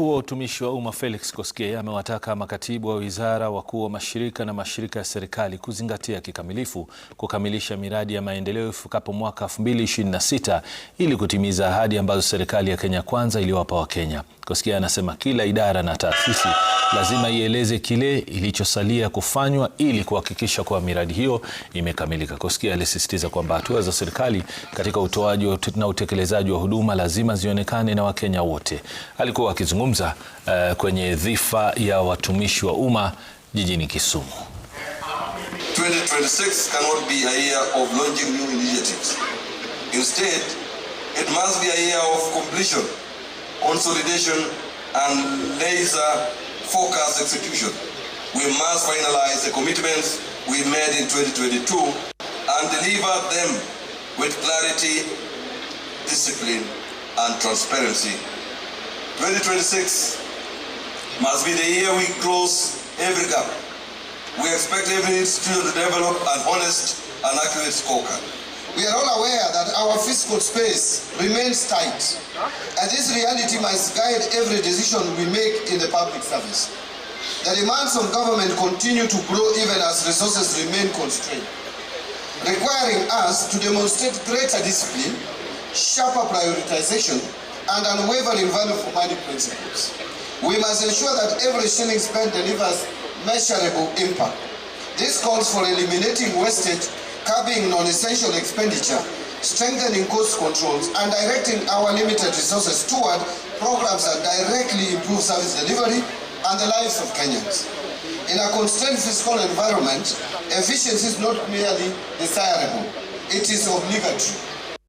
Mkuu wa Utumishi wa Umma Felix Koskei amewataka makatibu wa wizara, wakuu wa mashirika na mashirika ya serikali kuzingatia kikamilifu kukamilisha miradi ya maendeleo ifikapo mwaka 2026 ili kutimiza ahadi ambazo serikali ya Kenya Kwanza iliwapa Wakenya. Koskei anasema kila idara na taasisi lazima ieleze kile ilichosalia kufanywa ili kuhakikisha kuwa miradi hiyo imekamilika. Koskei alisisitiza kwamba hatua za serikali katika utoaji na utekelezaji wa huduma lazima zionekane na Wakenya wote. Alikuwa akizungumza akizungumza uh, eh, kwenye dhifa ya watumishi wa umma jijini Kisumu. 2026 cannot be a year of launching new initiatives. Instead, it must be a year of completion, consolidation and laser focused execution. We must finalize the commitments we made in 2022 and deliver them with clarity, discipline and transparency. 2026 must be the year we close every gap. We expect every institution to develop an honest and accurate scorecard. We are all aware that our fiscal space remains tight, and this reality must guide every decision we make in the public service. The demands on government continue to grow even as resources remain constrained, requiring us to demonstrate greater discipline, sharper prioritization, and unwavering value for money principles. We must ensure that every shilling spent delivers measurable impact. This calls for eliminating wastage, curbing non-essential expenditure, strengthening cost controls, and directing our limited resources toward programs that directly improve service delivery and the lives of Kenyans. In a constrained fiscal environment, efficiency is not merely desirable, it is obligatory.